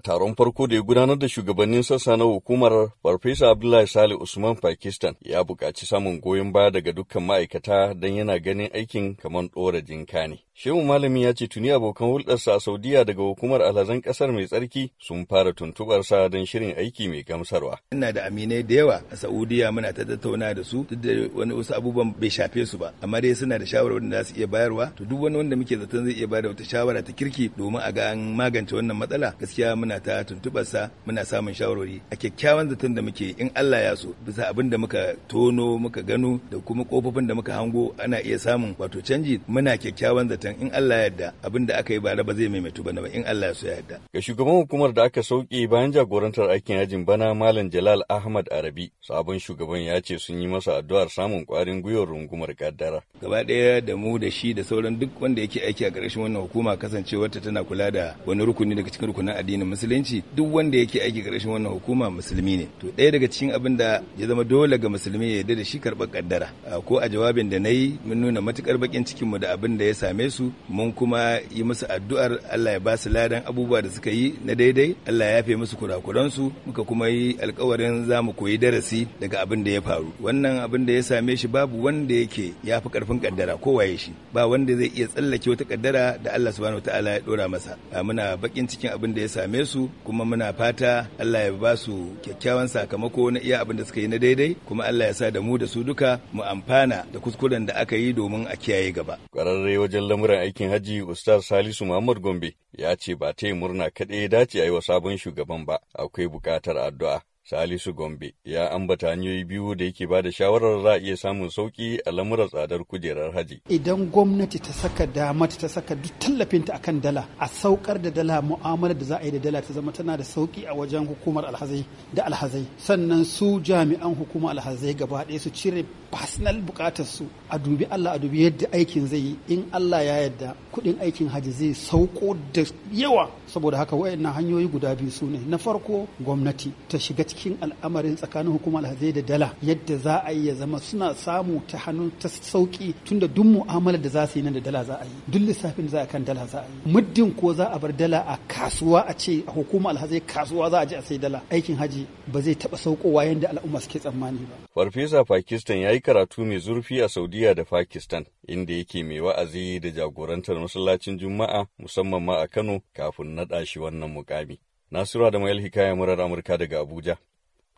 a taron farko da ya gudanar da shugabannin sassa na hukumar Farfesa Abdullahi Sale Usman Pakistan ya buƙaci samun goyon baya daga dukkan ma'aikata don yana ganin aikin kamar ɗora jinka ne. Shehu Malami ya ce tuni abokan hulɗarsa a Saudiya daga hukumar alhazan ƙasar mai tsarki sun fara tuntuɓarsa don shirin aiki mai gamsarwa. Ina da aminai da yawa a Saudiya muna ta tattauna da su duk da wani wasu abubuwan bai shafe su ba amma dai suna da shawarwarin da za su iya bayarwa to duk wani wanda muke zaton zai iya bada wata shawara ta kirki domin a ga an magance wannan matsala gaskiya muna muna ta tuntubarsa muna samun shawarwari a kyakkyawan zaton da muke in Allah ya so bisa abin da muka tono muka gano da kuma kofofin da muka hango ana iya samun wato canji muna kyakkyawan zaton in Allah ya yarda abin da aka yi bara ba zai maimaitu bana ba in Allah ya so ya yarda ga shugaban hukumar da aka sauke bayan jagorantar aikin yajin bana malam Jalal Ahmad Arabi sabon shugaban ya ce sun yi masa addu'ar samun kwarin gwiwar rungumar kaddara gaba ɗaya da mu da shi da sauran duk wanda yake aiki a ƙarshen wannan hukuma kasancewarta tana kula da wani rukuni daga cikin rukunin addinin musulunci duk wanda yake aiki karshen wannan hukuma musulmi ne to ɗaya daga cikin abin da ya zama dole ga musulmi ya yarda da shi karɓar kaddara ko a jawabin da na yi mun nuna matukar bakin cikin mu da abin da ya same su mun kuma yi musu addu'ar Allah ya ba su ladan abubuwa da suka yi na daidai Allah ya yafe musu kurakuran su muka kuma yi alkawarin za mu koyi darasi daga abin da ya faru wannan abin da ya same shi babu wanda yake ya fi karfin kaddara waye shi ba wanda zai iya tsallake wata kaddara da Allah subhanahu wataala ya dora masa muna bakin cikin abin da ya same same su kuma muna fata Allah ya ba su kyakkyawan sakamako na iya abin da suka yi na daidai kuma Allah ya sa da mu da su duka mu amfana da kuskuren da aka yi domin a kiyaye gaba. Kwararre wajen lamuran aikin haji Ustaz Salisu Muhammad Gombe ya ce ba ta yi murna kaɗai ya dace a yi wa sabon shugaban ba akwai buƙatar addu'a. Salisu Gombe ya ambata hanyoyi biyu da yake ba da shawarar za a iya samun sauƙi a lamurar tsadar kujerar haji. Idan gwamnati ta saka dama ta saka duk tallafinta akan dala a saukar da dala mu'amalar da za a yi da dala ta zama tana da sauƙi a wajen hukumar alhazai da alhazai sannan su jami'an hukumar alhazai gaba ɗaya su cire personal bukatar su a dubi Allah a dubi yadda aikin zai yi in Allah ya yarda kuɗin aikin hajji zai sauko da yawa saboda haka wayannan hanyoyi guda biyu su ne na farko gwamnati ta shiga cikin cikin al'amarin tsakanin hukumar alhazai da dala yadda za a yi ya zama suna samu ta hannu ta sauki tunda duk mu'amalar da za su yi nan da dala za a yi duk lissafin da za a kan dala za a yi muddin ko za a bar dala a kasuwa a ce a hukumar alhazai kasuwa za a je a sai dala aikin haji ba zai taɓa saukowa yadda al'umma suke tsammani ba. Farfesa Pakistan ya yi karatu mai zurfi a Saudiya da Pakistan inda yake mai wa'azi da jagorantar masallacin Juma'a musamman ma a Kano kafin naɗa shi wannan mukami. Nasiru Adamu Mayel Hikaya murar Amurka daga Abuja.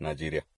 nigeria.